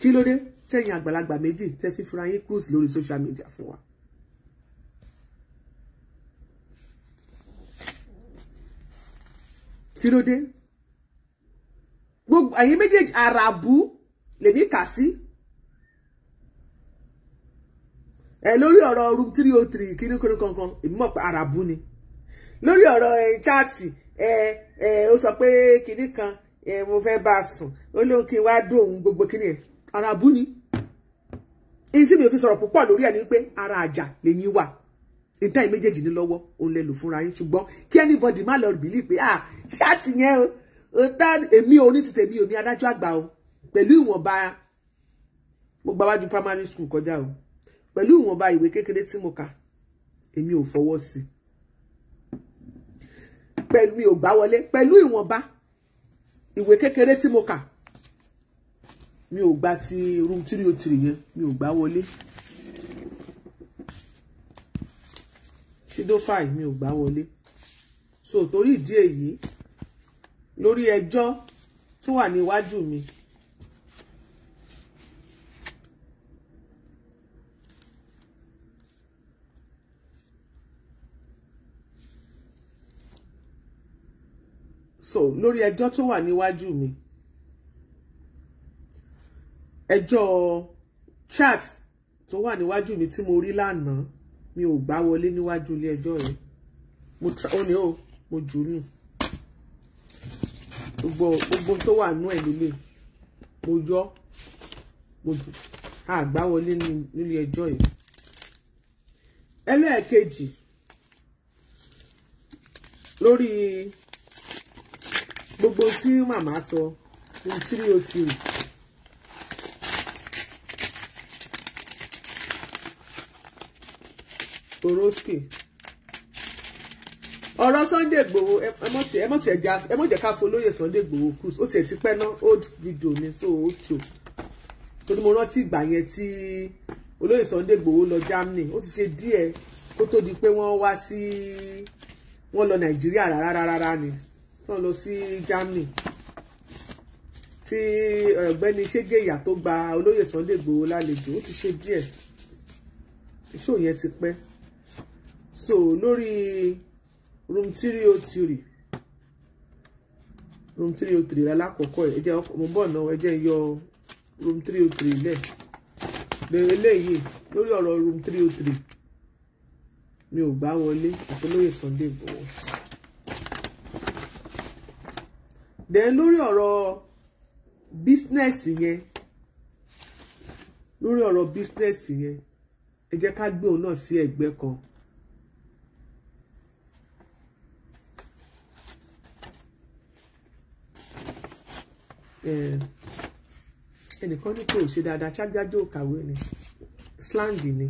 kí ló dé tẹ́yìn àgbàlagbà méjì tẹ́ fi fura yín cruise lórí social media fún wa. kí ló dé gbogbo ẹ̀yin méjèèjì àràbù lèmi kà sí ẹ lórí ọ̀rọ̀ room three oh three kíní kíní kankan èmi mọ̀ pé àràbù ni lórí ọ̀rọ̀ chaati ẹ ẹ ó sọ pé kíní kan ẹ mo fẹ́ bá a sùn ó lóun kí n wá dóhun gbogbo kíní ẹ àràbù ni èyí tí mi ò fi sọ̀rọ̀ púpọ̀ lórí ẹ̀ ni pé ara àjà lẹ́yìn wà ìdá yìí méjèèjì ní lọ́wọ́ òun lè lò fúnra yín ṣùgbọ́n kí anybody má lọ bìlí pé ah ṣáàtì yẹn o tá èmi ò ní ti tèmi ò ní adájọ́ àgbà o pẹ̀lú ìwọ̀nba mo gbáwájú primary school kọjá o pẹ̀lú ìwọ̀nba ìwé kékeré tí mo kà èmi ò fọwọ́ sí pẹ̀lú mi ò gbá wọlé pẹ̀lú ìwọ̀nba ìwé kékeré tí mo kà mi ò gba ti room three o oh three yẹn mi ò gbá wọlé ṣídó five mi ò gbá wọlé so torí ìdí èyí lórí ẹjọ́ tó wà níwájú mi sọ lórí ẹjọ́ tó wà níwájú mi ẹjọ́ chat tó wà níwájú mi tí mo rí lánàá mi ò gbá wọlé níwájú ilé ẹjọ́ yìí mo tra ó ní o mo jù ú nù gbogbo gbogbo tó wà nú ẹ̀ lélẹ̀ mo yọ mo jù àgbá wọlé nílé ẹjọ́ yìí ẹlẹ́ẹ̀kejì lórí gbogbo tí màmá sọ ohun tí ó ti rù. Orosky ọ̀rọ̀ Sunday Igboho ẹ mọ̀ tiẹ̀ já ẹ mọ̀ jẹ́ ká folóyè Sunday Igboho cruise ó tiẹ̀ ti pẹ́ ná old video ni so ó tò torí mo rántí ìgbà yẹn tí olóyè Sunday Igboho lọ Germany ó ti ṣe díẹ̀ kó tó di pé wọ́n wá sí wọ́n lọ Nàìjíríà rárá rárá ni tán lọ sí Germany tí eh, ọ̀gbẹ́ni Ṣégeyà tó gba olóyè Sunday Igboho lálejò ó ti ṣe díẹ̀ iṣẹ́ òyìn ti pẹ́ so lórí room three o oh three room three o oh three alákọ̀ọ́kọ́ ẹ̀ jẹ́ mo bọ̀ náà ẹ jẹ́ yọ room three o oh three lẹ̀ bẹ̀rẹ̀ eléyìí lórí ọ̀rọ̀ room three o three mi ò gbá wọlé àti olóyè Sunday Igboho. then lórí ọ̀rọ̀ bísínẹ́sì yẹn lórí ọ̀rọ̀ náà sí egbe kan. ẹnìkan ní pé ò ṣe dáadáa ṣáájú kàwé ni slang ni.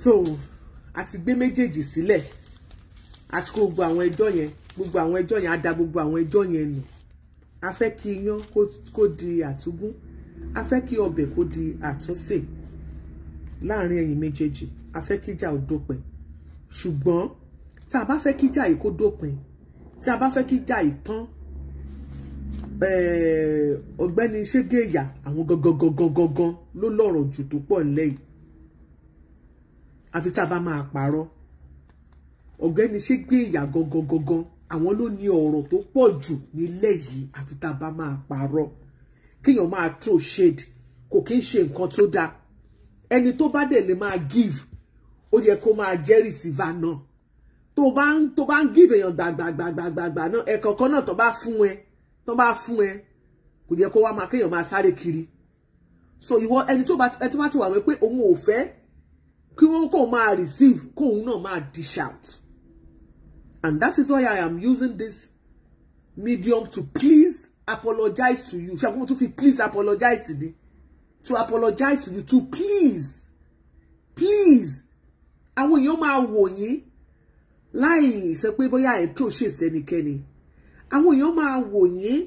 so àti gbé méjèèjì sílẹ̀. àti gbogbo àwọn ẹjọ́ yẹn gbogbo àwọn ẹjọ́ yẹn á da gbogbo àwọn ẹjọ́ yẹn nù a fẹ́ kí iyán kó di àtúgún a fẹ́ kí ọbẹ̀ kó di àtúnṣe láàrin ẹ̀yin méjèèjì a fẹ́ kíjà ò dópin ṣùgbọ́n tá a bá fẹ́ kíjà yìí kó dópin tí a bá fẹ́ kíjà yìí tán eh, ọ̀gbẹ́ni ṣégeyà àwọn gangan ló lọ́rọ̀ jù tó pọ̀ nílẹ̀ yìí àfi tá a bá máa parọ́ ọ̀gbẹ́ni Ṣégbéyà gangan gangan àwọn ló ní ọ̀rọ̀ tó pọ̀ jù nílẹ̀ yìí àfi tá a bá máa parọ́ kéèyàn máa throw shade kò kí ń ṣe nǹkan tó dáa ẹni tó bá dẹ̀ lè máa give ó yẹ kó máa jẹ́ receiver náà tó bá ń tó bá ń give èèyàn gbàgbàgbàgbàgbà náà ẹ̀kọ́ kan náà tó bá fún ẹ tó bá fún ẹ kò yẹ kó wá máa kéèyàn máa sáré kiri so ìwọ ẹni tó bá ti wà wẹ́ pé òun ò fẹ́ kí wọ́n kò máa receive kóun náà máa dish out And that is why I am using this medium to please apologize to you. Ṣé àwọn tó fi please apologize to you? To apologize to you, to please, please. Àwọn èèyàn máa wò yín láì ṣe pé bóyá ẹ̀ tó ṣe sẹ́nikẹ́ni. Àwọn èèyàn máa wò yín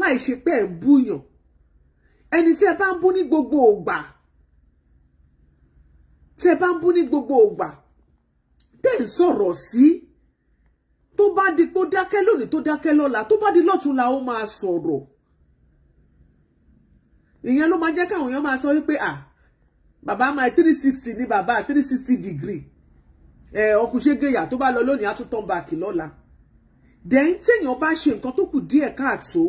láì ṣe pé ẹ̀ ń búyàn. Ẹni tí ẹ bá ń bú ní gbogbo ògbà. Tí ẹ bá ń bú tó bá di pé ó dákẹ́ lónìí tó dákẹ́ lọ́la tó bá di lọ́túnla ó máa sọ̀rọ̀ ìyẹn ló máa jẹ́ káwọn èèyàn máa sọ wípé à bàbá máa three sixty ní bàbá three sixty degree ẹ ọkùnṣe gẹ̀yà tó bá lọ lónìí á tún tán báàkì lọ́la dẹ̀yìn téèyàn bá ṣe nǹkan tó kù díẹ̀ káàtó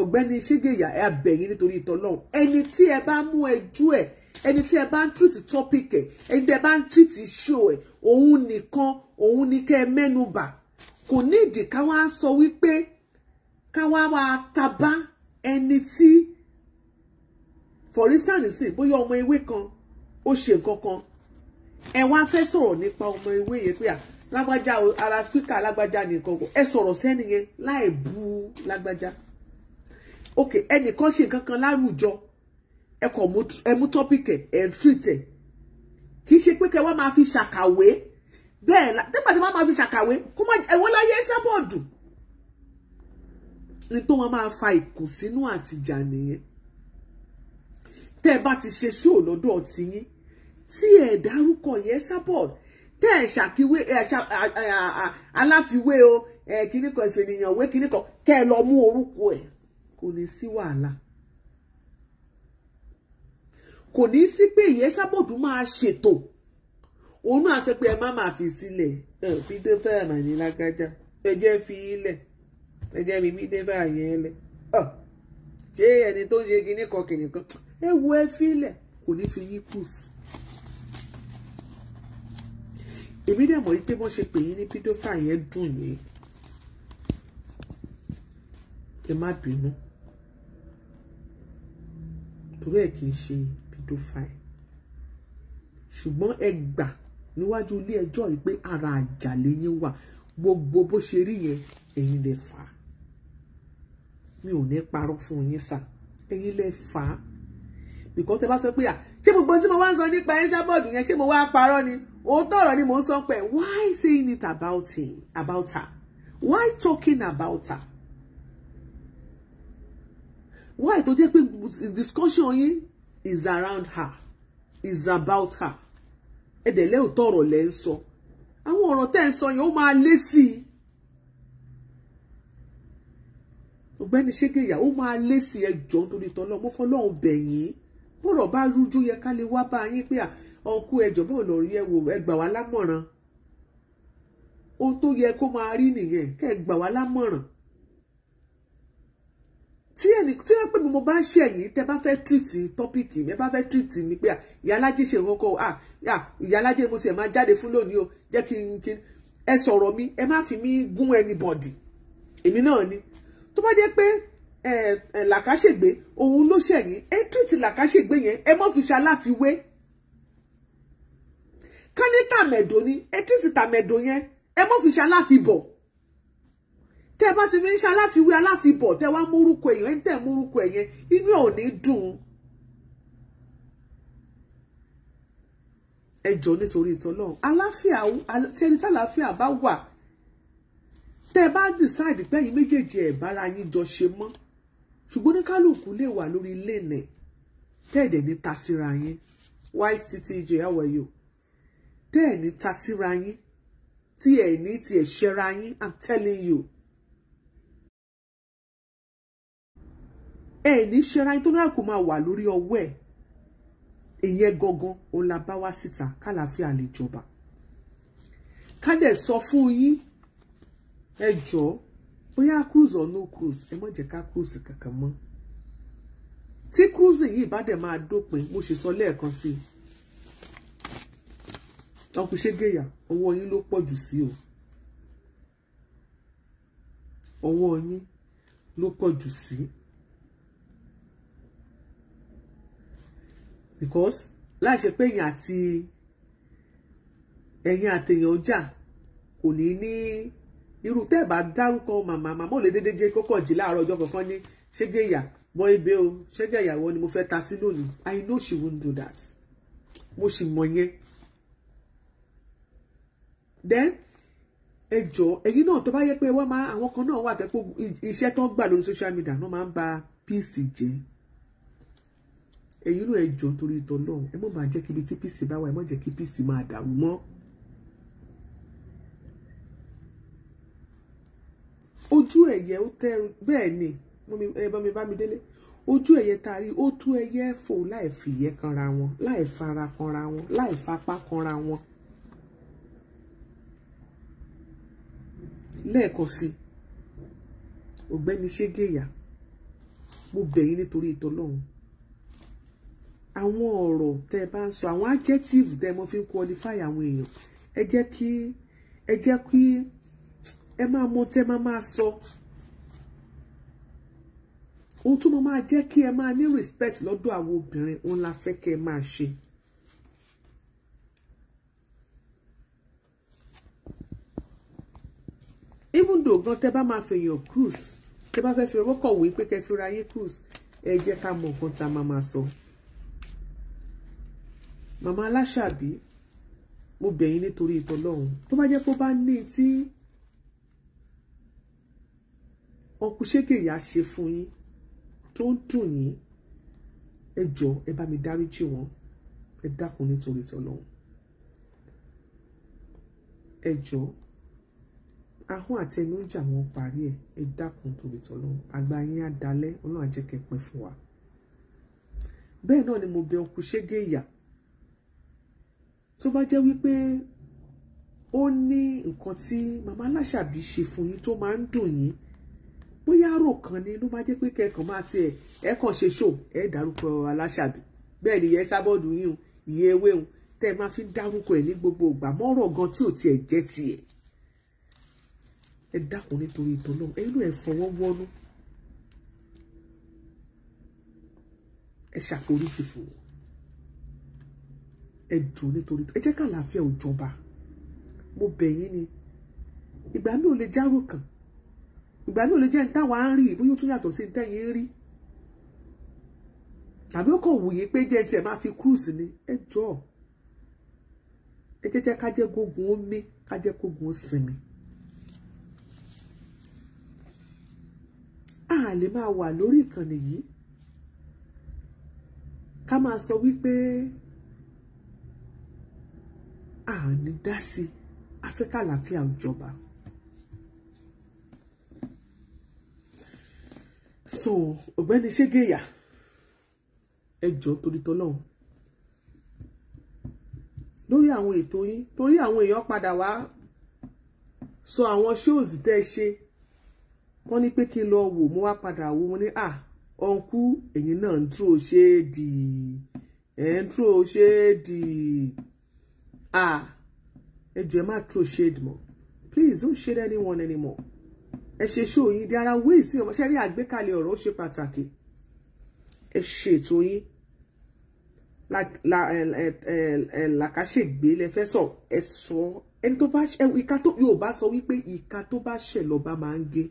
ọ̀gbẹ́ni ṣégeyà ẹ abẹ̀yìn nítorí ìtọ́lọ́run ẹni tí ẹ bá mú ẹjú ẹ̀ ẹni tí ẹ bá ń treat topic ẹ ẹni tí ẹ bá ń treat show ẹ òun nìkan òun ni kẹ́ ẹ mẹ́nubà kò ní ìdí ká wá sọ wípé ká wá wá tabá ẹni tí for instance nísìn bóyá ọmọ ewé kan ó ṣe nǹkan kan ẹ wá fẹ́ sọ̀rọ̀ nípa ọmọ ewé yẹn pé à lágbájá ara spíkà lágbájá nìkan kò ẹ sọ̀rọ̀ sẹ́ni yẹn láì bú lágbájá ok ẹnìkan ṣe nǹkan kan láwùjọ ẹ kọ̀ ẹmú tọ́pìkì ẹ̀ ń tìrìtẹ̀ kì í ṣe pé kẹ wá máa fi ṣàkàwé bẹ́ẹ̀ la nígbà tí wọ́n máa fi ṣàkàwé kó má ẹ̀wọ́ láyé sábọ̀dù ni tó wọn máa fa ìkùnsínú àtìjà nìyẹn tẹ́ ẹ bá ti ṣe ṣóò lọ́dọ̀ tiyín tí ẹ dárúkọ yẹn sábọ̀dù tẹ́ ẹ ṣàkíwé aláfiwé o kíníkan ìfènìyàn wé kíníkan kẹ́ ẹ lọ mú orúkọ ẹ̀ kò ní sí wàhálà kò ní sí pé ìyẹn sábòdù máa ṣètò òun náà ṣe pé ẹ má máa fi sílẹ̀ ẹ fi dẹ́fà àmàlí lágájá ẹ jẹ́ fi ilẹ̀ ẹ jẹ́ mi bí dẹ́fà yẹn lẹ̀ ṣé ẹni tó ń ṣe kinní kan kìnì kan ẹ wo ẹ fi ilẹ̀ kò ní fi yín kù sí. èmi dẹ̀ mọ̀ yí pé wọ́n ṣe pè yín ní pídófà yẹn dùn yín ẹ má bínú torí ẹ kì í ṣe yín tó fa ẹ̀ ṣùgbọ́n ẹ gbà níwájú ilé ẹjọ́ yìí pé ara àjàlé yín wà gbogbo bó ṣe rí yẹn ẹ̀yin lè fà á mi ò ní parọ́ fún yín sà ẹ̀yin lè fà á bìkọ́ tẹ bá sọ pé à ṣé gbogbo tí mo wá ń sọ nípa Esabod yẹn ṣé mo wá parọ́ ni òótọ́ ọ̀rọ̀ ni mò ń sọ pé why saying it about him about her why talking about her why tó jẹ́ pé discussion yín is around her is about her ẹ̀dẹ̀lẹ́ òótọ́ ọ̀rọ̀ lẹ́ ń sọ àwọn ọ̀rọ̀ tẹ́ ń sọ yẹn ó máa lé sí i ọ̀gbẹ́ni ṣégeyà ó máa lé sí ẹjọ́ nítorí tọ́lọ́ mo fọlọ́run bẹ̀ yín bọ́rọ̀ bá rújú yẹ ká lè wá bá yín pé ọkú ẹjọ́ bọ́ọ̀ lọ rí ẹwò ẹ gbà wá lámọ̀ràn ohun tó yẹ kó máa rí nìyẹn kẹ́ ẹ gbà wá lámọ̀ràn tí ẹni tí wọ́n pè mí mo bá ń ṣe ẹ̀yìn tẹ́ bá fẹ́ tìrìtì tọ́pìkì mi ẹ bá fẹ́ tìrìtì mi pé ìyá alájẹ ṣe ìhókò ìyá alájẹ mo tiẹ̀ máa jáde fún lónìí o jẹ́ kí n kí ẹ sọ̀rọ̀ mi ẹ má fi mí gún anybody èmi náà ni tó bá jẹ́ pé làkàṣègbè òun ló ṣẹ̀yìn ẹ tìrìtì làkàṣègbè yẹn ẹ mọ́ fi ṣaláfiwé ká ní tàmẹ̀dò ni ẹ tìrìtì tàmẹ̀dò yẹn ẹ mọ́ fi ṣaláfibọ̀ tẹ́ bá ti fi ń ṣe aláfiwé aláfibọ̀ tẹ́ wá mórúkọ èèyàn ń tẹ̀ mórúkọ ẹ̀yẹn inú ẹ̀ ò ní dùn. ẹ jọ̀ọ́ nítorí ìtọ́lọ́run aláfíà tí ẹni tàlàáfíà bá wà tẹ́ bá decide pé ẹ̀yin méjèèjì ẹ bára yín jọ ṣe mọ́ ṣùgbọ́n ní kálukú lè wà lórí ilé nẹ̀ tẹ́ ẹ̀dẹ̀ ní tasíra yín wise ttj how are you tẹ́ ẹ̀ ní tasíra yín tí ẹ̀ ní tí ẹ̀ ṣẹra yín i'm telling you. ẹ ní ṣera yín tó náà kò máa wà lórí ọwọ́ ẹ̀ ìyẹn gangan òun la bá wá síta kálàáfíà lè jọba ká dẹ̀ sọ fún yín ẹ jọ̀ọ́ bóyá cruise or no cruise ẹ má jẹ́ ká cruise kankan mọ́ tí cruise yìí bá dẹ̀ máa dópin mo ṣe sọ lẹ́ẹ̀kan sí i ọkùn ṣégeyà ọwọ́ yín ló pọ̀ jù sí o ọwọ́ yín ló pọ̀ jù sí i. because láì ṣe pé èyàn àti ẹ̀yin àtẹ̀yàn ọjà kò ní ní irú tẹ́ ẹ̀ bá dárúkọ màmá màmá ò lè déédéé jẹ́ kókò jí láàárọ̀ ọjọ́ kankan ní ṣégeyà mọ ebe o ṣégeyà wọ ni mo fẹ́ ta sí lónìí I know she won't do that mo sì mọ̀ yẹn then ẹ jọ ẹ̀yin náà tó bá yẹ pé wọ́n máa àwọn kan náà wà tẹ́pọ̀ iṣẹ́ tó ń gbà lórí social media náà máa ń ba peace jẹ́ ẹ̀yin náà ẹ jọ nítorí ìtọ́ náà ẹ mọ̀ máa jẹ́ kí ibi tí pc bá wà ẹ mọ̀ jẹ́ kí pc máa dàrú mọ́. ojú ẹ̀yẹ ó tẹ́rù bẹ́ẹ̀ ni ẹ bá mi bá mi délé ojú ẹ̀yẹ tá a rí ó tú ẹyẹ fò láì fìyẹ́ kanra wọn láì fara kanra wọn láì fapá kanra wọn. lẹ́ẹ̀kan sí ọ̀gbẹ́ni ṣégeyà mo bẹ̀ yín nítorí ìtọ́lọ́run àwọn ọ̀rọ̀ tẹ́ ẹ bá ń sọ àwọn adjective tẹ́ ẹ mọ fi ń qualify àwọn èèyàn ẹ jẹ́ kí ẹ jẹ́ kí ẹ máa mọ tẹ́ ẹ máa máa sọ ohun tó máa máa jẹ́ kí ẹ máa ní respect lọ́dọ̀ àwọn obìnrin òun la fẹ́ kẹ́ ẹ máa ṣe. even though gan tẹ́ bá máa fèèyàn cruise tẹ́ bá fẹ́ fi ọwọ́ kọ̀wé pé kẹ́ fi ra yín cruise ẹ jẹ́ ká mọ nǹkan tá a máa máa sọ. So màmá aláṣàbí mo bẹ̀ yín nítorí ìtọ́lọ́hún tó bá jẹ́ pé ó bá ní tí ọkùn ṣékèyà ṣe fún yín tó ń dùn yín ẹ jọ ẹ bá mi dáríjì wọn ẹ dákun nítorí ìtọ́lọ́hún ẹ jọ ahọ́n àtẹnu ń jà wọ́n parí ẹ̀ ẹ dákun torí tọ́lọ́hún àgbà yín á dalẹ̀ ọlọ́run á fún wa bẹ́ẹ̀ náà ni mo bẹ̀ ọkùn ṣégèyà tó bá jẹ́ wípé ó ní nǹkan tí màmá aláṣàbí ṣe fún yín tó máa ń dùn yín bóyá àrò kan ni ló máa jẹ́ pé kẹ́kàn máa tiẹ̀ ẹ kàn ṣe ṣò ẹ dárúkọ aláṣàbí bẹ́ẹ̀ ni ìyẹn sábọ́ọ̀dù yín o ìyẹn ewé o tẹ́ ẹ máa fi dárúkọ ẹ̀ ní gbogbo ìgbà mọ́rọ̀ gan tí ò tiẹ̀ jẹ́ tiẹ̀ ẹ dákun nítorí ìtàn náà ẹ fọwọ́ wọ́nú ẹ ṣàforíjì fún un ẹ jù nítorí ẹ jẹ́ kàlàáfíà ò jọba mo bẹ̀ yín ni ìgbà mi ò lè járò kàn ìgbà mi ò lè jẹ́ ní táwa ń rí ìbúyó tún yàtọ̀ sí tẹ́yìn ń rí tàbí ó kàn wòye pé jẹ́ tiẹ̀ máa fi cruise ni ẹ jọ ẹ jẹ́ jẹ́ ká jẹ́ gógùn ó mí ká jẹ́ gógùn sinmi. a lè máa wà lórí ìkànnì yìí ká máa sọ wípé àní dá sí afẹ́ká àlàáfíà ò so ọ̀gbẹ́ni ṣégeyà ẹ jọ̀ọ́ torí tọ́lọ́run lórí àwọn ètò yín torí àwọn èèyàn padà wá sọ àwọn ṣóòzì tẹ́ ẹ ṣe wọ́n ní pé kí n lọ wò mo wá padà wò mo ní à ọ̀nkú ẹ̀yin náà ń dúró ṣe é dì ẹ̀ ń dúró ṣe é dì í ah ẹ jọ̀ọ́ ẹ throw shade mọ́ please don't shade anyone anymore ẹ ṣe show you there are ways tí ọmọ ṣe rí àgbékalẹ̀ ọ̀rọ̀ ó ṣe pàtàkì ẹ ṣe ètò yín làkàṣègbè lẹ fẹ́ sọ ẹ sọ ẹni tó so, ìka tó yóò bá sọ wípé ìka tó bá ṣẹ̀ lọ́ba máa ń gé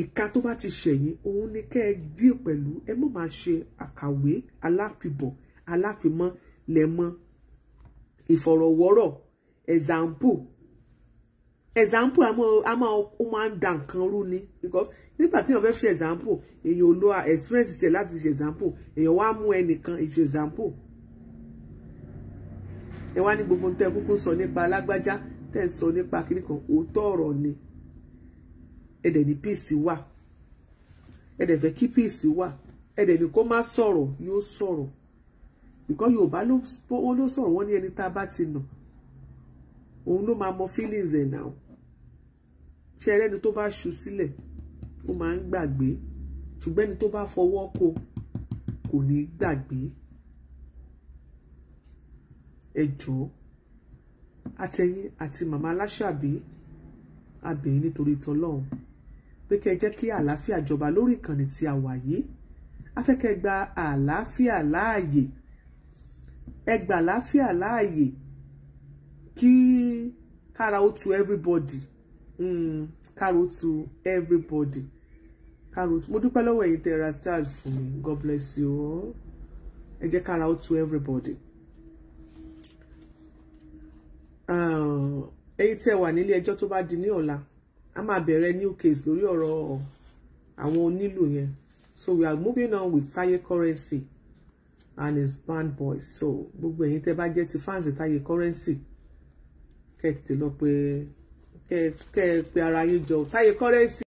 ìka tó bá ti ṣẹ̀yìn òun ni kẹ́ ẹ dí pẹ̀lú ẹ mọ̀ máa ṣe àkàwé aláfibọ̀ aláfimọ́ lẹ̀ mọ́ ìfọ̀rọ̀wọ́rọ̀ example example a máa ó máa ń da nǹkan rú ni because nígbà tí èèyàn fẹ́ ṣe example èèyàn ò lo experience tiẹ̀ láti ṣe example èèyàn wá mú ẹnìkan ìṣe example ẹ wá ní gbogbo tẹ́ kúkú sọ nípa alágbájá tẹ́ ń sọ nípa kíní kan òótọ́ ọ̀rọ̀ ni ẹ dẹ̀ ní peace wà ẹ dẹ̀ fẹ́ kí peace wà ẹ dẹ̀ ní kó má sọ̀rọ̀ yóò sọ̀rọ̀ because yorùbá ló ló sọ̀rọ̀ wọ́n ní ẹni tá a bá ti nà òun ló máa mọ feelings ẹ̀ náà ṣe ẹrẹ́ni tó bá ṣu sílẹ̀ ó máa ń gbàgbé ṣùgbọ́n ẹni tó bá fọwọ́ kó kò ní gbàgbé ẹ jọ̀ọ́ àtẹ̀yin àti màmá aláṣàbí abẹ̀yìn nítorí ìtọ́lọ́hún pé kẹ́ ẹ jẹ́ kí àlàáfíà jọba lórí ìkànnì tí a wà yìí afẹ́kẹ́ gba àlàáfíà láàyè. La ẹ gbà láfíà láàyè kí kára ó tu everybody mm, kára ó to everybody kára ó tu mo dúpẹ́ lọ́wọ́ ẹ̀yin tẹ́ra stars fún mi god bless you all ẹ jẹ́ kára ó tu everybody. Ah, ẹ̀yin tẹ́ wà nílé ẹjọ́ tó bá di ní ọ̀la a máa bẹ̀rẹ̀ new case lórí ọ̀rọ̀ àwọn onílù yẹn so we are moving on with Saye Currency and his band boys. so gbogbo ẹ̀yin tẹ́ bá jẹ́ ti fans Táyé Currency Ke ti tètè lọ ke kẹ́ ẹ pé ara yín jọ Táyé Currency